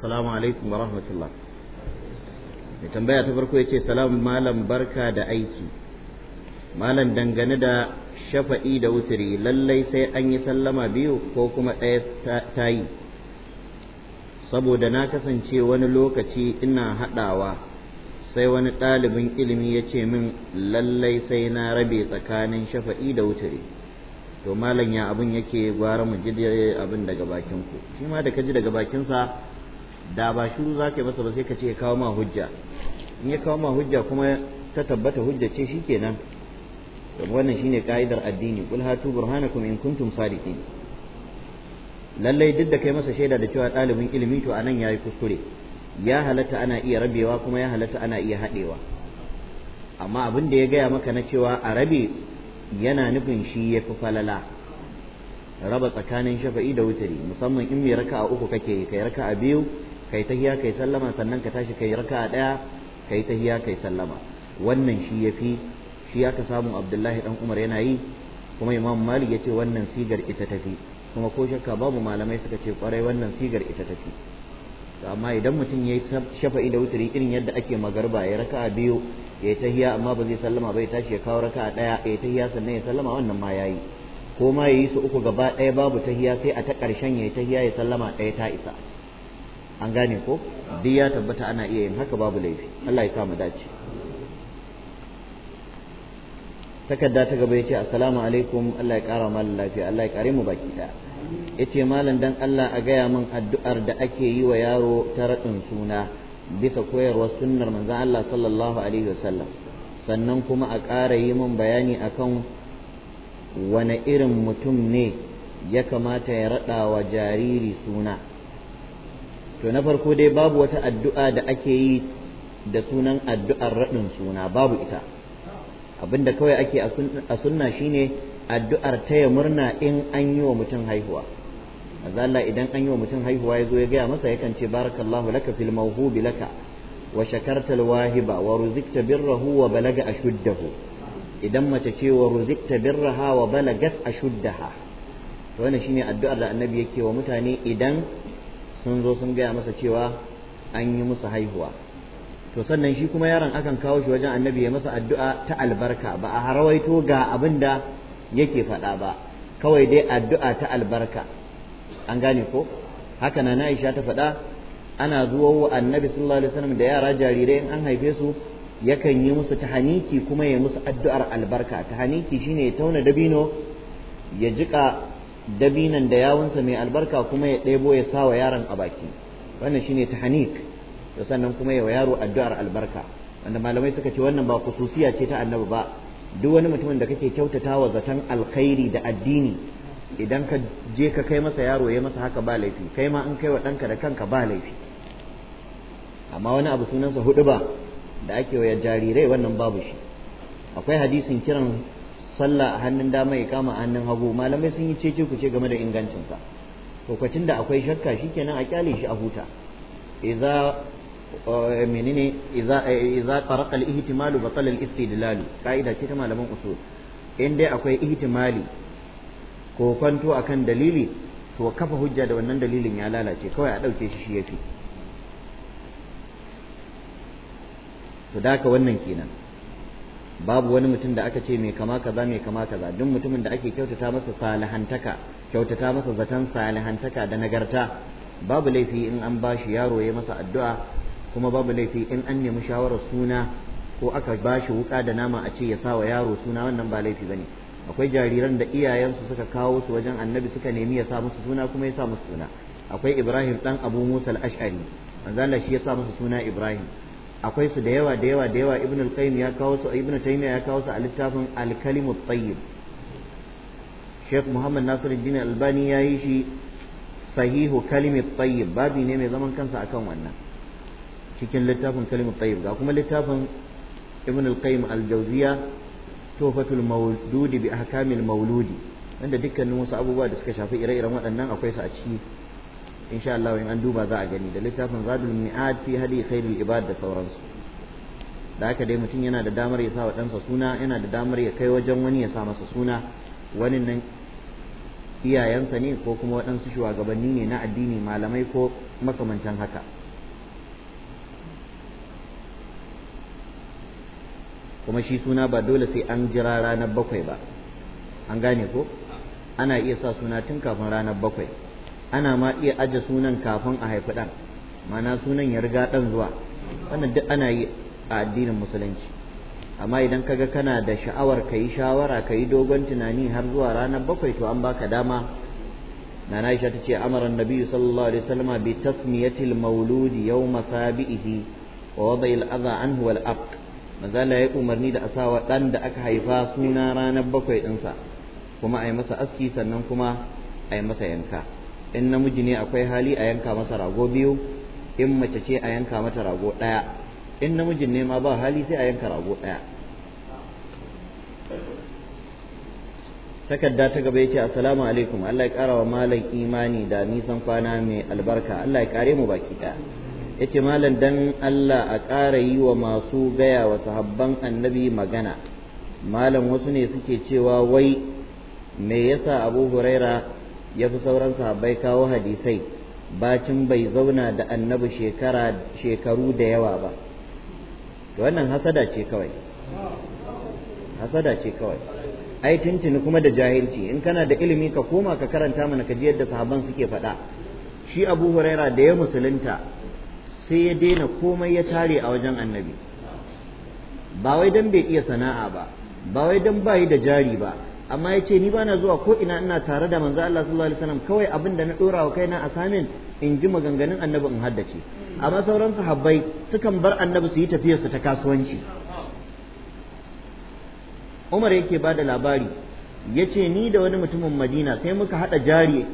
assalamu alaikum wa rahmatullah mai tambaya ta farko yace salamu malam barka da aiki malam dangane da shafa'i da wuturi lallai sai an yi sallama biyu ko kuma ɗaya ta yi saboda na kasance wani lokaci ina haɗawa sai wani ɗalibin ilimi ya ce min lallai sai na rabe tsakanin shafa'i da wuturi to malam ya abin yake gwara mu ji abin daga bakinku shi ma da ka ji daga bakinsa da ba shiru za ka yi masa ba sai ka ce ya kawo ma hujja in ya kawo ma hujja kuma ta tabbata hujja ce kenan wannan shine ka'idar addini kul hatu burhanakum in kuntum sadiqin lallai duk da kai masa shaida da cewa ɗalibin ilimi to a anan yayi kuskure ya halatta ana iya rabewa kuma ya halatta ana iya haɗewa amma abin da ya gaya maka na cewa a rabe yana nufin shi ya fi falala raba tsakanin shafa'i da wutari musamman in mai a uku kake kai a biyu kai tahiya kai sallama sannan ka tashi kai raka'a daya kai tahiya kai sallama wannan shi yafi shi aka samu Abdullahi dan Umar yana yi kuma Imam Malik yace wannan sigar ita tafi kuma ko shakka babu malamai suka ce kwarai wannan sigar ita tafi amma idan mutum yayi shafa'i da wuturi irin yadda ake magarba ya raka'a biyu ya tahiya amma ba zai sallama bai tashi ya kawo raka'a daya ya tahiya sannan ya sallama wannan ma yayi ko ma yayi su uku gaba daya babu tahiya sai a ta karshen ya tahiya ya sallama daya ta isa an gane ko duk ya tabbata ana iya yin haka babu laifi Allah ya sa mu dace takarda ta gaba yace assalamu alaikum Allah ya kara malam lafiya Allah ya kare mu baki daya yace malam dan Allah a gaya min addu'ar da ake yi wa yaro ta raɗin suna bisa koyarwar sunnar manzon Allah sallallahu alaihi wasallam sannan kuma a ƙara yi min bayani akan wane irin mutum ne ya kamata ya raɗa wa jariri suna to na farko dai babu wata addu'a da ake yi da sunan addu'ar raɗin suna babu ita abinda kawai ake a sunna shine addu'ar taya murna in an yi wa mutum haihuwa azalla idan an yi wa mutum haihuwa ya zo ya gaya masa yakan ce barakallahu laka fil mawhubi laka wa shakarta wahiba wa ruzikta birrahu wa balaga ashuddahu idan mace ce wa ruzikta birraha wa balagat ashuddaha to wannan shine addu'ar da annabi yake wa mutane idan sun zo sun gaya masa cewa an yi musu haihuwa to sannan shi kuma yaron akan kawo shi wajen annabi ya masa addu'a ta albarka ba a harawaito ga abin da yake faɗa ba kawai dai addu'a ta albarka an gane ko haka na Aisha ta faɗa ana zuwa wa annabi sallallahu alaihi wasallam da yara jarirai in an haife su yakan yi musu tahaniki kuma ya musu addu'ar albarka tahaniki shine ya tauna dabino ya jika dabinan da yawunsa mai albarka kuma ya ɗebo ya sa wa yaron a baki wannan shine hanik da sannan kuma ya wa yaro addu'ar albarka wanda malamai suka ce wannan ba kususiya ce ta annabi ba duk wani mutumin da kake kyautata wa zaton alkhairi da addini idan ka je ka kai masa yaro ya masa haka ba laifi kai ma an kai wa ɗanka da kanka ba laifi amma wani abu sunansa huɗu ba da ake wa jarirai wannan babu shi akwai hadisin kiran sallah a hannun dama ya kama hannun hagu malamai sun yi cece ku ce game da ingancinsa lokacin da akwai shakka shi kenan a kyale shi a huta iza eh, menene ihitimalu ba faraqa eh, al-ihtimalu batala al kaida ce ta malaman usul in dai akwai ihtimali ko kwanto akan dalili to kafa hujja da wannan dalilin ya lalace kawai a ɗauke shi shi fi to da wannan kenan babu wani mutum da aka ce mai kama kaza mai kama kaza duk mutumin da ake kyautata masa salihantaka kyautata masa zaton salihantaka da nagarta babu laifi in an bashi yaro ya masa addu'a kuma babu laifi in an nemi shawarar suna ko aka bashi wuka da nama a ce ya sa wa yaro suna wannan ba laifi bane akwai jariran da iyayensu suka kawo su wajen annabi suka nemi ya sa musu suna kuma ya sa musu suna akwai Ibrahim dan Abu Musa al-Ash'ari manzo Allah shi ya sa musu suna Ibrahim akwai su da yawa da yawa da yawa ibn al-qayyim ya kawo su ibn taymiya ya kawo su a littafin al-kalimu tayyib Sheikh Muhammad Nasiruddin Albani ya yi shi sahihu kalimat tayyib babi ne mai zaman kansa akan wannan cikin littafin kalimu tayyib ga kuma littafin Ibn al-Qayyim al-Jawziya Tuhfatul bi ahkamil Mawludi wanda dukkanin wasu abubuwa da suka shafi ire-iren waɗannan akwai su a ciki insha Allah in an duba za a gani da littafin zadul mi'ad fi hadi khairul ibad da sauransu da haka dai mutum yana da damar ya sa wa ɗansa suna yana da damar ya kai wajen wani ya sa masa suna wani nan iyayensa ne ko kuma waɗansu shugabanni ne na addini malamai ko makamantan haka kuma shi suna ba dole sai an jira ranar bakwai ba an gane ko ana iya sa suna tun kafin ranar bakwai ana ma iya aje sunan kafin a haifi ɗan ma'ana sunan ya riga ɗan zuwa wannan duk ana yi a addinin musulunci amma idan kaga kana da sha'awar ka yi shawara ka yi dogon tunani har zuwa ranar bakwai to an baka dama na Aisha ta ce amara sallallahu alaihi wasallam bi tasmiyatil maulud yawm sabihi wa wada adha anhu wal aq mazala ya umarni da asawa dan da aka haifa suna ranar bakwai ɗinsa kuma a yi masa aski sannan kuma a yi masa yanka in namiji ne akwai hali a yanka masa rago biyu in mace ce a yanka mata rago ɗaya in namijin ne ma ba hali sai a yanka rago ɗaya takarda ta gaba yace assalamu alaikum Allah ya karawa malam imani da nisan kwana mai albarka Allah ya kare mu baki ɗaya yace malam dan Allah a ƙara yi wa masu gaya wa sahabban annabi magana malam wasu ne suke cewa wai me yasa Abu Huraira ya fi sauran sahabbai kawo hadisai bacin bai zauna da annabi shekaru da yawa ba wannan hasada ce kawai hasada ce kawai ai tuntuni kuma da jahilci in kana da ilimi ka koma ka karanta mana ka ji yadda sahabban suke faɗa shi abu huraira da ya musulunta sai ya daina komai ya tare a wajen annabi ba wai dan bai iya sana'a ba ba wai dan bai da jari ba amma ya ce ni ba na zuwa ko ina ina tare da manzo Allah sallallahu alaihi wasallam kawai abin da na dora wa kaina samin in ji maganganun annabi in haddace amma sauran sahabbai sukan bar annabi su yi tafiyar tafiyarsu ta kasuwanci Umar yake ba da labari yace ni da wani mutumin Madina sai muka hada jari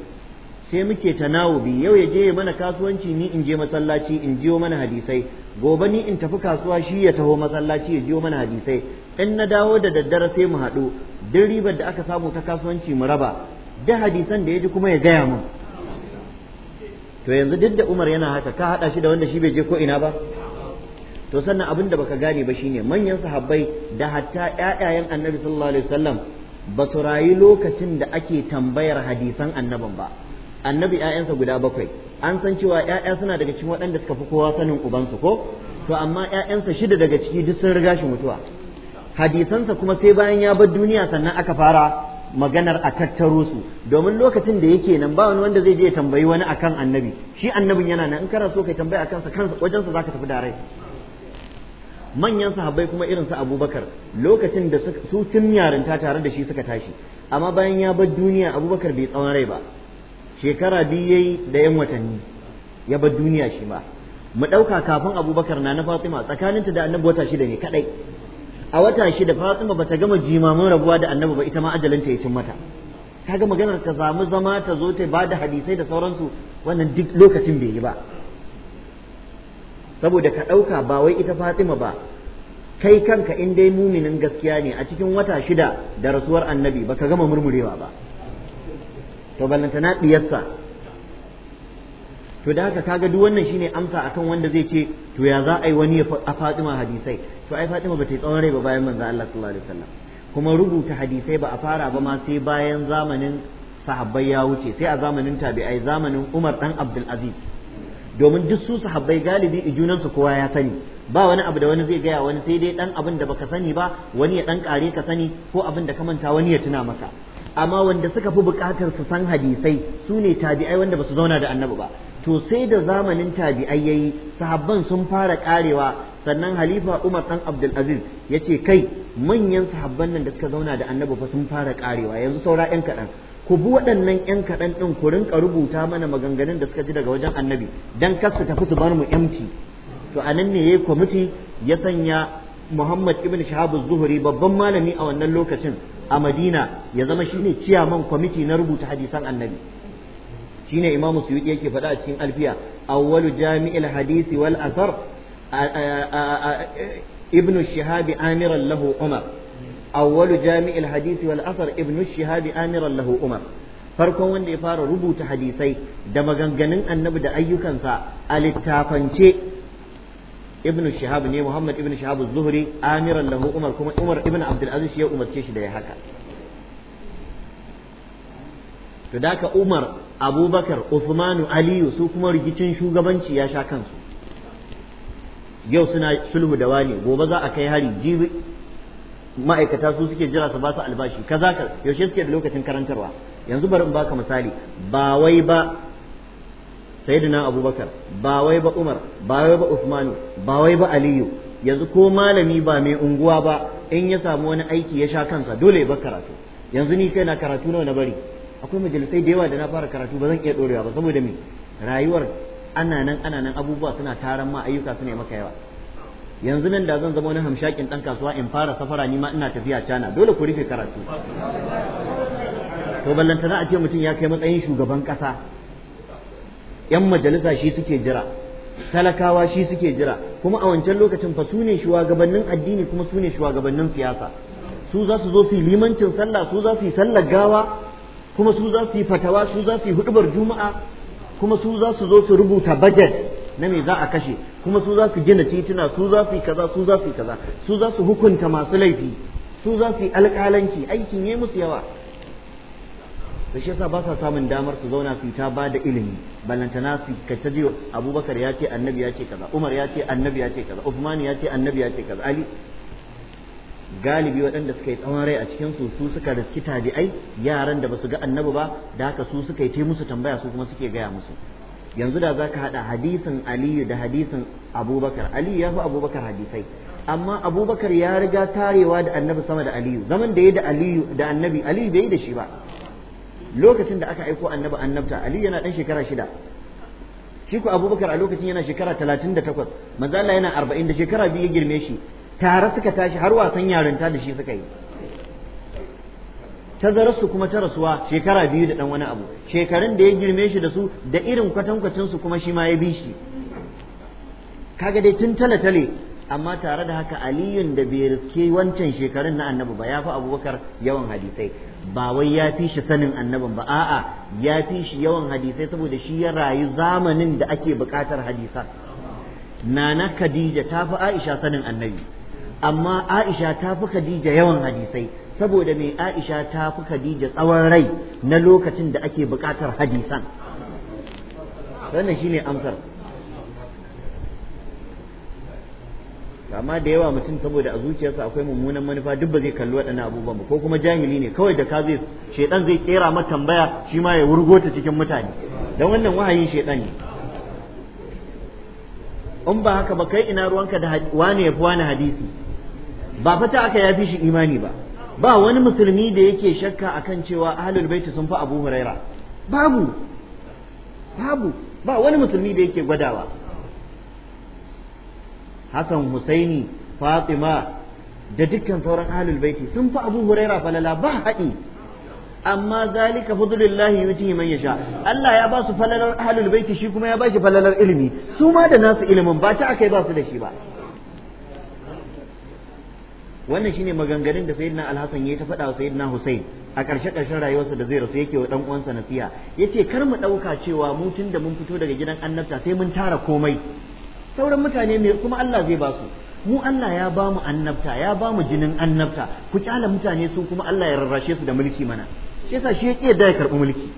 sai muke tanawubi yau ya je mana kasuwanci ni in je masallaci in jiyo mana hadisai gobe ni in tafi kasuwa shi ya taho masallaci ya jiyo mana hadisai in na dawo da daddare sai mu haɗu duk ribar da aka samu ta kasuwanci mu raba da hadisan da ya ji kuma ya gaya mun to yanzu duk da Umar yana haka ka haɗa shi da wanda shi bai je ko ina ba to sannan abin da baka gane ba shine manyan sahabbai da hatta ƴaƴayen Annabi sallallahu alaihi wasallam ba su rayu lokacin da ake tambayar hadisan annaban ba annabi ‘ya'yansa guda bakwai an san cewa ‘ya'ya suna daga cikin waɗanda suka fi kowa sanin ubansu ko to amma ‘ya'yansa shida daga ciki duk sun riga shi mutuwa hadisansa kuma sai bayan ya bar duniya sannan aka fara maganar a tattaro su domin lokacin da yake nan ba wani wanda zai je ya tambayi wani akan annabi shi annabin yana nan in kana so kai tambaya akan sa kansa wajensa zaka tafi da rai manyan sahabbai kuma irin su abubakar lokacin da su tun yarinta tare da shi suka tashi amma bayan ya bar duniya abubakar bai tsawon rai ba shekara biyu da yan watanni ya bar duniya shi ma mu ɗauka kafin abubakar na na fatima tsakaninta da annabi wata shida ne kaɗai a wata shida fatima bata gama jimamin rabuwa da annabi ba ita ma ajalinta ya cin mata kaga maganar ta samu zama ta zo ta ba da hadisai da sauransu wannan duk lokacin bai yi ba saboda ka ɗauka ba wai ita fatima ba kai kanka in dai muminin gaskiya ne a cikin wata shida da rasuwar annabi baka gama murmurewa ba to na diyarsa to da haka kaga duk wannan shine amsa akan wanda zai ce to ya za a yi wani a Fatima hadisai to ai Fatima bata yi tsawon rai ba bayan manzo Allah sallallahu alaihi wasallam kuma rubuta hadisai ba a fara ba ma sai bayan zamanin sahabbai ya wuce sai a zamanin tabi'ai zamanin Umar dan Abdul Aziz domin duk su sahabbai galibi su kowa ya sani ba wani abu da wani zai gaya wani sai dai dan abin da baka sani ba wani ya dan kare ka sani ko abin da ka manta wani ya tuna maka amma wanda suka fi bukatar su san hadisai su ne tabi'ai wanda ba su zauna da annabi ba to sai da zamanin tabi'ai yayi sahabban sun fara karewa sannan halifa Umar dan Abdul Aziz yace kai manyan sahabban nan da suka zauna da annabi fa sun fara karewa yanzu saura yan kaɗan ku bi waɗannan yan kaɗan ɗin ku rinka rubuta mana maganganun da suka ji daga wajen annabi dan kar su tafi su bar mu empty to anan ne yayi kwamiti ya sanya Muhammad ibn Shahab zuhri babban malami a wannan lokacin a Madina ya zama shine ciyaman kwamiti na rubuta hadisan Annabi shine Imam Suyuti yake faɗa a cikin Alfiya awwalu jami'il hadisi wal asar ibn Shihab amiran lahu Umar awwalu jami'il hadisi wal asar ibn Shihab amiran lahu Umar farkon wanda ya fara rubuta hadisai da maganganun Annabi da ayyukansa a littafance ibnu shihab ne muhammad ibnu shihab zuhri amiran lahu umar kuma umar ibnu abdul aziz ya umarce shi da ya haka to daka umar abubakar usmanu aliyu su kuma rikicin shugabanci ya sha kansu yau suna sulhu da wani gobe za a kai hari jibi ma'aikata su suke jira su ba su albashi kaza ka yaushe suke da lokacin karantarwa yanzu bari in baka misali ba wai ba sayyidina abubakar ba wai ba umar ba wai ba usmanu ba wai ba aliyu yanzu ko malami ba mai unguwa ba in ya samu wani aiki ya sha kansa dole ya bar karatu yanzu ni kai na karatu nawa na bari akwai majalisai da yawa da na fara karatu ba zan iya dorewa ba saboda me rayuwar ana nan ana nan abubuwa suna taran ma ayyuka suna maka yawa yanzu nan da zan zama wani hamshakin dan kasuwa in fara safara ni ma ina tafiya cana dole ku rufe karatu to ballanta za a ce mutum ya kai matsayin shugaban kasa yan majalisa shi suke jira talakawa shi suke jira kuma a wancan lokacin fa su ne shugabannin addini kuma su ne shugabannin siyasa su za su zo su yi limancin sallah su za su yi sallar gawa kuma su za su yi fatawa su za su yi hudubar juma'a kuma su za su zo su rubuta budget na me za a kashe kuma su za su gina tituna su za su yi kaza su za su yi kaza su za su hukunta masu laifi su za su yi alƙalanci aikin yayi musu yawa to shi yasa ba sa samun damar su zauna su ta ba da ilimi na su ka ta ji abubakar ya ce annabi ya ce kaza umar ya ce annabi ya ce kaza uthman ya ce annabi ya ce kaza ali galibi waɗanda suka yi tsawon rai a cikin su su suka riski tabi'ai yaran da basu ga annabi ba da haka su suka yi ta musu tambaya su kuma suke gaya musu yanzu da zaka haɗa hadisin aliyu da hadisin abubakar aliyu ya fi abubakar hadisai amma abubakar ya riga tarewa da annabi sama da aliyu zaman da ya da aliyu da annabi aliyu bai yi da shi ba lokacin da aka aiko annabi annabta ali yana dan shekara shida shi ku abubakar a lokacin yana shekara talatin da takwas manzo yana arba'in da shekara biyu ya girme shi tare suka tashi har wasan yarinta da shi suka yi tazararsu kuma ta rasuwa shekara biyu da dan wani abu shekarun da ya girme shi da su da irin su kuma shi ma ya bi shi kaga dai tun tale-tale amma tare da haka aliyun da bai riske wancan shekarun na annabi ba ya fi abubakar yawan hadisai ba wai ya fi shi sanin annabin ba a'a ya fi shi yawan hadisai saboda shi ya rayu zamanin da ake buƙatar hadisan nana khadija ta fi aisha sanin annabi amma aisha ta fi khadija yawan hadisai saboda mai aisha ta fi khadija tsawon rai na lokacin da ake buƙatar hadisan wannan shine amsar amma da yawa mutum saboda a zuciyarsa akwai mummunan manufa duk ba zai kalli waɗannan abubuwan ba ko kuma jahili ne kawai da ka zai shaidan zai kera mata tambaya shi ma ya wurgota cikin mutane don wannan wahayin shaidan ne in ba haka ba kai ina ruwanka da wane ya fi wani hadisi ba fata aka ya fi shi imani ba ba wani musulmi da yake shakka akan cewa ahlul baiti sun fi abu huraira babu ba wani musulmi da yake gwadawa Hassan Husaini Fatima da dukkan sauran ahlul baiti sun fi Abu Huraira falala ba haɗi amma zalika fadlullahi yutihi man yasha Allah ya ba su falalar ahlul baiti shi kuma ya ba shi falalar ilimi su ma da nasu ilimin ba ta akai ba su da shi ba wannan shi ne maganganun da sayyidina alhassan yi ta faɗa wa sayyidina a ƙarshe ƙarshen rayuwarsa da zai rasu yake wa dan uwansa ya ce kar mu ɗauka cewa mu tun da mun fito daga gidan annabta sai mun tara komai sauran mutane ne kuma Allah zai ba su mu Allah ya ba mu annabta ya ba mu jinin annabta ku kyala mutane su kuma Allah ya rarrashe su da mulki mana shi yasa shi yake da ya karbi mulki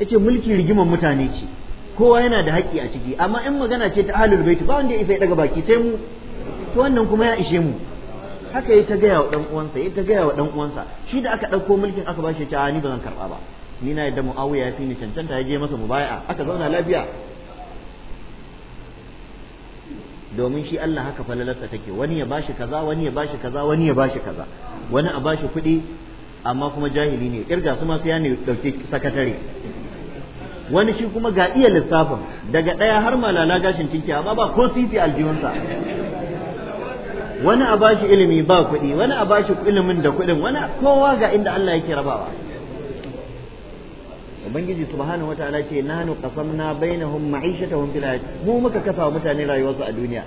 yace mulki rigimar mutane ce kowa yana da haƙƙi a ciki amma in magana ce ta ahlul bait ba wanda ya isa ya daga baki sai mu to wannan kuma ya ishe mu haka ya ta gaya wa dan uwansa ya ta gaya wa dan uwansa shi da aka ɗauko mulkin aka bashi ta ni ba zan karɓa ba ni na yadda muawiya ya fi ni cancanta ya je masa mubaya'a aka zauna lafiya domin shi Allah haka falalarsa take wani ya bashi kaza wani ya bashi kaza wani ya bashi kaza wani a bashi kuɗi amma kuma jahili ne kirga su ma sai ya ne dauke sakatare wani shi kuma ga iya lissafin daga ɗaya har malala gashin cinki amma ba ko siti aljihunsa wani a bashi ilimi ba kuɗi wani a bashi ilimin da kuɗin wani kowa ga inda Allah yake rabawa ubangiji subhanahu wataala ce nanu qasamna bainahum ma'ishatahum fil hayat mu muka kasa mutane rayuwarsu a duniya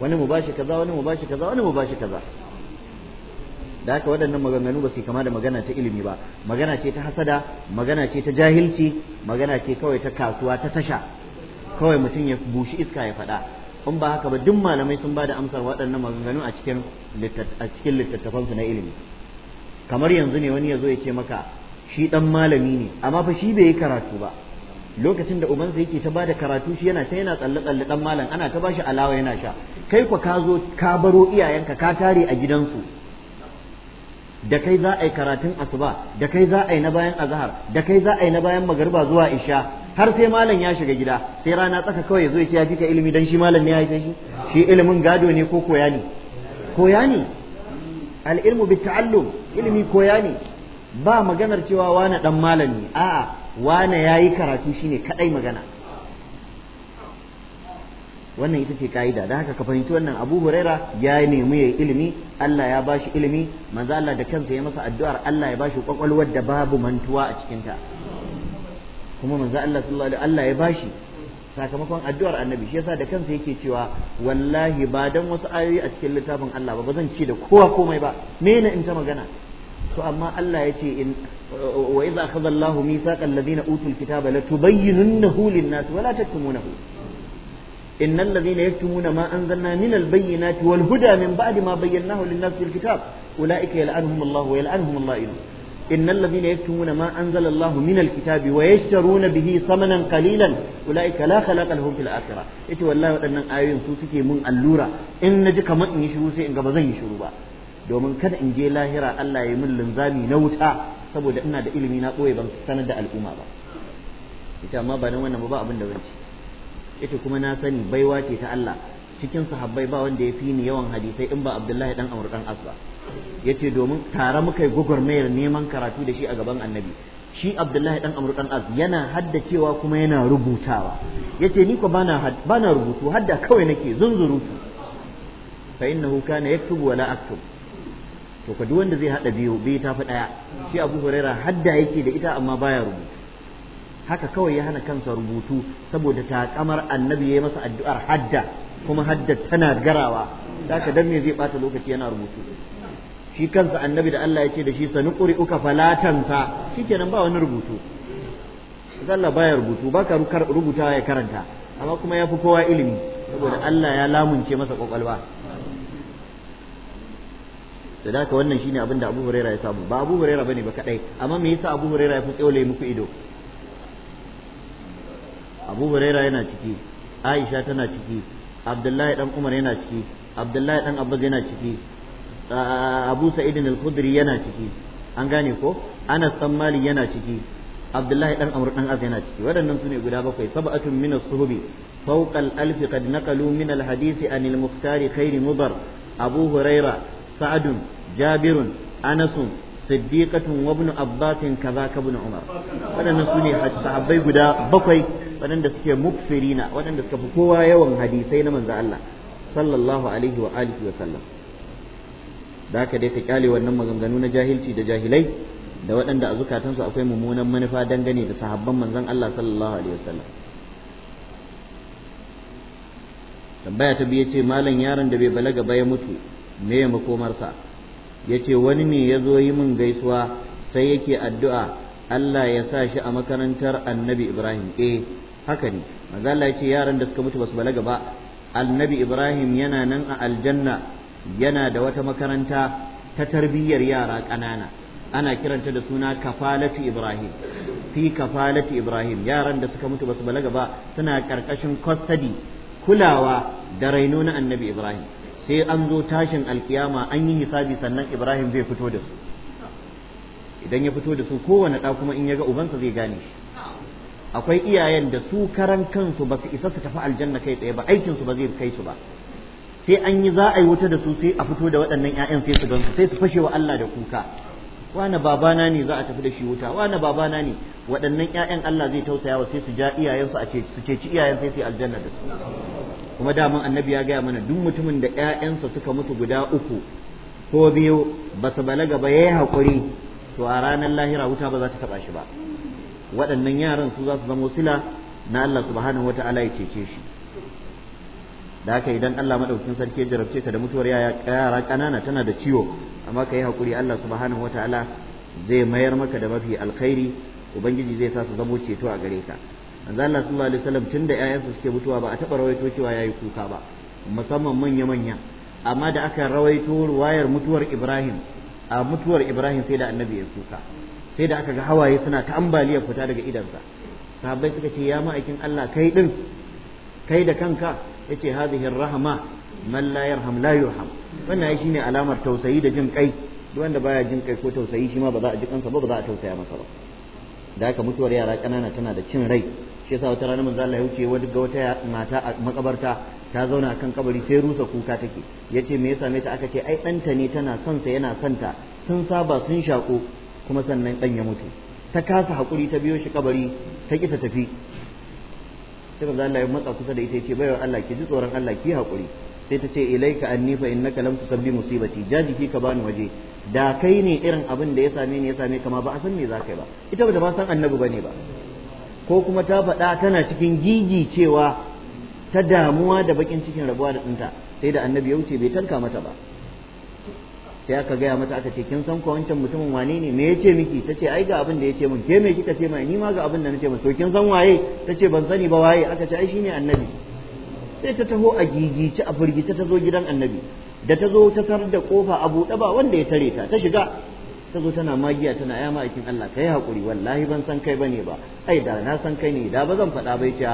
wani mu bashi kaza wani mu bashi kaza wani mu bashi kaza da haka waɗannan maganganu ba su kama da magana ta ilimi ba magana ce ta hasada magana ce ta jahilci magana ce kawai ta kasuwa ta tasha kawai mutum ya bushi iska ya faɗa in ba haka ba duk malamai sun ba da amsar waɗannan maganganu a cikin a cikin littattafansu na ilimi kamar yanzu ne wani ya zo ya ce maka shi ɗan malami ne amma fa shi bai yi karatu ba lokacin da ubansa yake ta bada karatu shi yana ta yana tsalle tsalle dan malam ana ta bashi alawa yana sha kai ku ka zo ka baro iyayenka ka tare a gidansu da kai za a yi karatun asuba da kai za a yi na bayan azhar da kai za a yi na bayan magariba zuwa isha har sai malam ya shiga gida sai rana tsaka kawai ya zo ya ce ya fika ilimi dan shi malam ne ya haife shi shi ilimin gado ne ko koya ne koya ne al ilmu bit ta'allum ilimi koya ne ba maganar cewa wane dan malami a'a wane yayi karatu shi ne kaɗai magana wannan ita ce ka'ida da haka ka fahimci wannan Abu Huraira ya nemi ya yi ilimi Allah ya bashi ilimi manzo Allah da kansa ya masa addu'ar Allah ya bashi kwakwalwar da babu mantuwa a cikinta. kuma manzo Allah sallallahu alaihi Allah ya bashi sakamakon addu'ar annabi shi yasa da kansa yake cewa wallahi ba dan wasu ayoyi a cikin littafin Allah ba ba zan ce da kowa komai ba me ne in ta magana to amma Allah ya ce in wa idza akhadha Allahu mithaqal ladina utul kitaba la tubayyinunnahu lin-nas wa la taktumunahu innal ladina yaktumuna ma anzalna minal bayyinati wal huda min ba'di ma bayyanahu lin-nas fil kitab ulaika yal'anuhum Allah wa yal'anuhum al-la'in innal ladina yaktumuna ma anzala Allahu minal kitabi wa yashtaruna bihi samanan qalilan ulaika la khalaqa lahum fil akhirah yace wallahi wadannan ayoyin su suke mun allura in naji kamar in yi shiru sai in gaba zan yi shiru ba domin kada in je lahira Allah ya min linzami na wuta saboda ina da ilimi na ɓoye ban sanar da al'umma ba ita amma ba nan wannan ba abin da zance ita kuma na sani baiwa ce ta Allah cikin sahabbai ba wanda ya fi ni yawan hadisai in ba Abdullahi dan Amr dan Asba yace domin tare muka yi gwagwarmayar neman karatu da shi a gaban Annabi shi Abdullahi dan Amr dan Az yana haddacewa kuma yana rubutawa yace ni ko bana bana rubutu hadda kawai nake zunzuru fa innahu kana yaktubu wala aktubu to ka duk wanda zai hada biyu biyu tafi daya shi Abu Huraira hadda yake da ita amma baya rubutu haka kawai ya hana kansa rubutu saboda ta kamar annabi ya masa addu'ar hadda kuma hadda tana garawa haka dan me zai bata lokaci yana rubutu shi kansa annabi da Allah ya ce da shi sanu ƙuri uka falatansa shikenan ba wani rubutu Allah baya rubutu baka rubutawa ya karanta amma kuma ya fi kowa ilimi saboda Allah ya lamunce masa kwakwalwa to da haka wannan shine abin da Abu Huraira ya samu ba Abu Huraira bane ba kadai amma me yasa Abu Huraira ya fi tsaule muku ido Abu Huraira yana ciki Aisha tana ciki Abdullahi dan Umar yana ciki Abdullahi dan Abbas yana ciki Abu Sa'id al-Khudri yana ciki an gane ko Anas dan Malik yana ciki Abdullahi dan Amr dan Az yana ciki waɗannan sune guda bakwai sab'atun min as-suhbi fawqa al-alf qad naqalu min al-hadisi anil muhtari khairi mudar Abu Huraira sa'adun jabirun anasun siddiqatun wa ibn abbasin kaza ka umar waɗannan su ne sahabbai guda bakwai waɗanda suke mukfirina waɗanda suka fi kowa yawan hadisai na manzo Allah sallallahu alaihi wa alihi wa sallam da haka dai ka kyale wannan maganganu na jahilci da jahilai da waɗanda a zukatansu akwai mummunan manufa dangane da sahabban manzon Allah sallallahu alaihi wa sallam tambaya ta biyu ce malam yaron da bai balaga ba ya mutu me makomarsa ya ce wani ne ya zo yi min gaisuwa sai yake addu'a Allah ya sa shi a makarantar annabi Ibrahim eh haka ne maza Allah ya ce yaran da suka mutu su balaga ba annabi Ibrahim yana nan a aljanna yana da wata makaranta ta tarbiyyar yara ƙanana ana kiranta da suna kafalatu Ibrahim fi kafalati Ibrahim yaran da suka mutu basu balaga ba suna ƙarƙashin custody kulawa da raino na annabi Ibrahim sai an zo tashin alkiyama an yi hisabi sannan ibrahim zai fito da su idan ya fito da su kowane ɗa kuma in ya ga ubansa zai gane shi akwai iyayen da su karan kansu ba su isa su tafi aljanna kai tsaye ba aikin su ba zai kai su ba sai an yi za a yi wuta da su sai a fito da waɗannan ƴaƴan sai su gansu sai su fashe wa Allah da kuka wani babana ne za a tafi da shi wuta wani babana ne waɗannan ƴaƴan Allah zai tausaya wa sai su ja su a ce su ceci iyayen sai su aljanna da su kuma daman annabi ya gaya mana duk mutumin da ƴaƴansa suka mutu guda uku ko biyu ba su balaga ba yayi hakuri to a ranar lahira wuta ba za ta taba shi ba waɗannan yaran su za su zama sila na Allah subhanahu wata'ala ya cece shi da haka idan Allah madaukakin sarki ya jarabce ka da mutuwar yara ƙanana tana da ciwo amma ka yi hakuri Allah subhanahu wata'ala zai mayar maka da mafi alkhairi ubangiji zai sa su zamo ceto a gare ka manzo Allah sallallahu alaihi wasallam tunda ƴaƴansa suke mutuwa ba a taɓa rawaito cewa yayi kuka ba musamman manya manya amma da aka rawaito ruwayar mutuwar Ibrahim a mutuwar Ibrahim sai da annabi ya kuka sai da aka ga hawaye suna ta ambaliya fita daga idansa sahabbai suka ce ya ma'aikin Allah kai din kai da kanka yace hadhihi rahma man la yarham la yurham wannan shine alamar tausayi da jin kai duk wanda baya jin kai ko tausayi shi ma ba za a ji kansa ba ba za a tausaya masa ba da haka mutuwar yara ƙanana tana da cin rai shi yasa wata rana manzo Allah ya wuce wani ga wata mata a makabarta ta zauna kan kabari sai rusa kuka take yace me ya same ta aka ce ai danta ne tana son sa yana son ta sun saba sun shako kuma sannan dan ya mutu ta kasa hakuri ta biyo shi kabari ta ki ta tafi sai manzo Allah ya matsa kusa da ita yace baiwa Allah ki ji tsoron Allah ki hakuri sai ta ce ilaika anni fa innaka lam tusabbi musibati jajiki ka bani waje da kai ne irin abin da ya same ni ya same kama ba a san me za ka ba ita ba ta san annabi bane ba ko kuma ta faɗa tana cikin gigi cewa ta damuwa da bakin cikin rabuwa da ɗinta sai da annabi ya wuce bai tanka mata ba sai aka gaya mata aka ce kin san ko wancan mutumin wane ne me yace miki tace ai ga abin da yace min ke me kika ce mai ni ma ga abin da nace min to kin san waye ta ce ban sani ba waye aka ce ai shine annabi sai ta taho a gigice a furgice ta zo gidan annabi da ta zo ta tarar da kofa a buɗe ba wanda ya tare ta ta shiga ta tana magiya tana ya ma'aikin Allah kai haƙuri wallahi ban san kai bane ba ai da na san kai ne da ba zan faɗa bai ce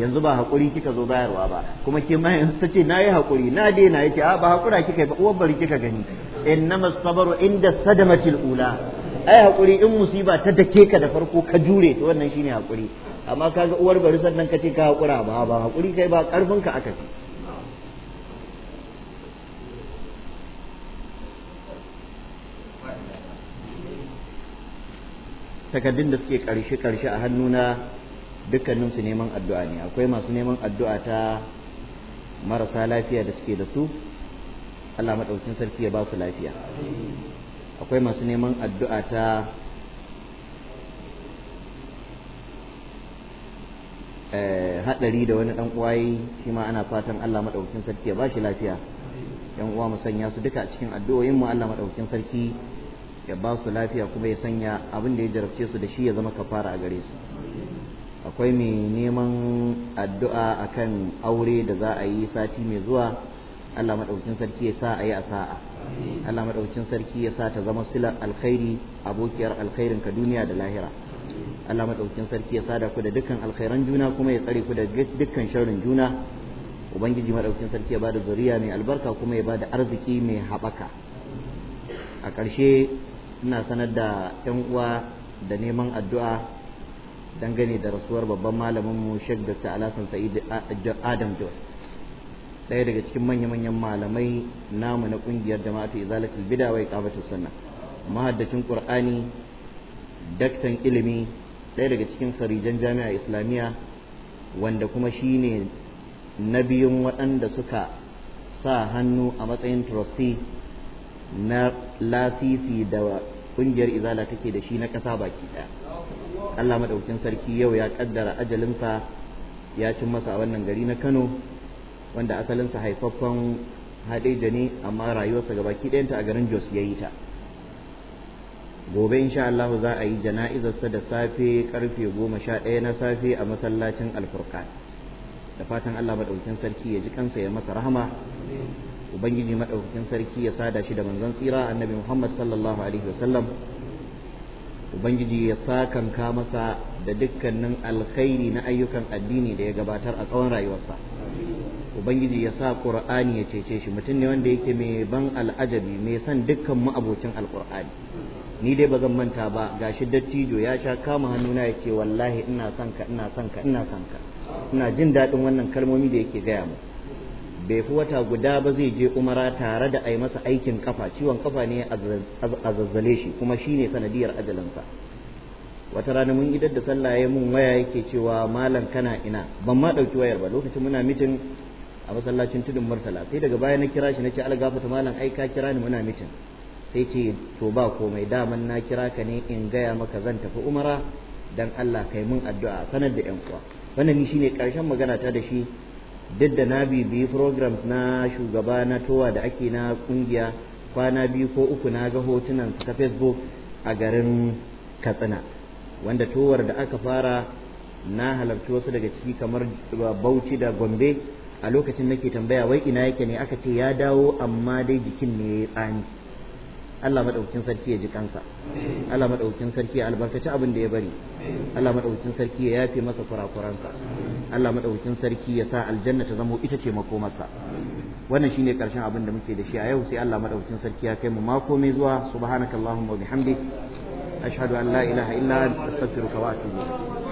yanzu ba haƙuri kika zo bayarwa ba kuma ke ma yanzu ta ce na yi haƙuri na daina yake a ba haƙura kika yi ba uwar bari kika gani innama sabaru inda sadamatil ula ai haƙuri in musiba ta dake ka da farko ka jure to wannan shine haƙuri amma kaga uwar bari sannan ka ce ka haƙura ba ba haƙuri kai ba ƙarfinka aka fi takardun da suke karshe karshe a hannuna dukkanin su neman addu'a ne akwai masu neman addu'a ta marasa lafiya da suke da su Allah maɗaukin sarki ya ba su lafiya akwai masu neman addu'a ta eh, hadari da wani dan uwayi shi ma ana fatan Allah maɗaukin sarki ya ba shi lafiya yan uwa mu sanya su duka a cikin addu'o'in mu Allah maɗaukin sarki ya ba su lafiya kuma ya sanya abin da ya jarabce su da shi ya zama kafara a gare su akwai mai neman addu'a a kan aure da za a yi sati mai zuwa Allah maɗaukin sarki ya sa a yi a sa'a Allah maɗaukin sarki ya sa ta zama silar alkhairi abokiyar alkhairin ka duniya da lahira Allah maɗaukin sarki ya sada ku da dukkan alkhairan juna kuma ya tsare ku da dukkan sharrin juna ubangiji maɗaukin sarki ya ba da zuriya mai albarka kuma ya da arziki mai haɓaka a ƙarshe ina sanar da 'yan uwa da neman addu'a dangane da rasuwar babban malamin mu Sheikh Dr. Alhassan Sa'id Adam Jos ɗaya daga cikin manya-manyan malamai namu na ƙungiyar jama'atu izalatul bida wai qabatu sunna mahaddacin qur'ani daktan ilimi ɗaya daga cikin sarijan jami'a islamiyya wanda kuma shine na biyun waɗanda suka sa hannu a matsayin trustee na lasisi da kungiyar izala take da shi na kasa baki ɗaya Allah madaukin sarki yau ya ƙaddara ajalinsa ya cin masa a wannan gari na Kano wanda asalinsa haifaffan hadeja ne amma rayuwarsa ga baki ɗayanta a garin Jos ya yi ta gobe insha Allah za a yi jana'izarsa da safe karfe goma sha ɗaya na safe a masallacin alfurkan da fatan Allah madaukin sarki ya ji kansa ya masa rahama ubangiji madaukakin sarki ya sada shi da manzon tsira annabi Muhammad sallallahu alaihi wasallam ubangiji ya sakanka masa da dukkanin alkhairi na ayyukan addini da ya gabatar a tsawon rayuwarsa ubangiji ya sa qur'ani ya cece shi mutum ne wanda yake mai ban al'ajabi mai son dukkan ma'abocin alqur'ani ni dai bazan manta ba gashi dattijo ya sha kama hannuna ya ce wallahi ina son ina son ina son ina jin daɗin wannan kalmomi da yake gaya mu bai fi wata guda ba zai je umara tare da ai masa aikin kafa ciwon kafa ne a zazzale shi kuma shi ne sanadiyar ajalansa wata rana mun idar da sallah ya mun waya yake cewa malam kana ina ban ma ɗauki wayar ba lokacin muna mitin a masallacin tudun murtala sai daga baya na kira shi na ce algafata malam ai ka kira ni muna mitin sai ce to ba komai daman na kira ka ne in gaya maka zan tafi umara dan Allah kai mun addu'a sanar da yan uwa wannan shine karshen magana ta da shi duk da na bibiyi programs na shugaba na towa da ake na kungiya kwana biyu ko uku na ga hotunan ta facebook a garin katsina wanda towar da aka fara na halarci wasu daga ciki kamar bauchi da gombe a lokacin nake tambaya wai ina yake ne aka ce ya dawo amma dai jikin ne ya yi tsani Allah madaukakin sarki ya ji kansa Allah madaukakin sarki ya albarkaci abin da ya bari Allah madaukakin sarki ya yafe masa kurakuransa Allah madaukakin sarki ya sa aljanna ta zamo ita ce makomarsa wannan shine karshen abin da muke da shi a yau sai Allah madaukakin sarki ya kai mu mako mai zuwa subhanakallahumma wa bihamdik ashhadu an la ilaha illa anta astaghfiruka wa atubu ilaik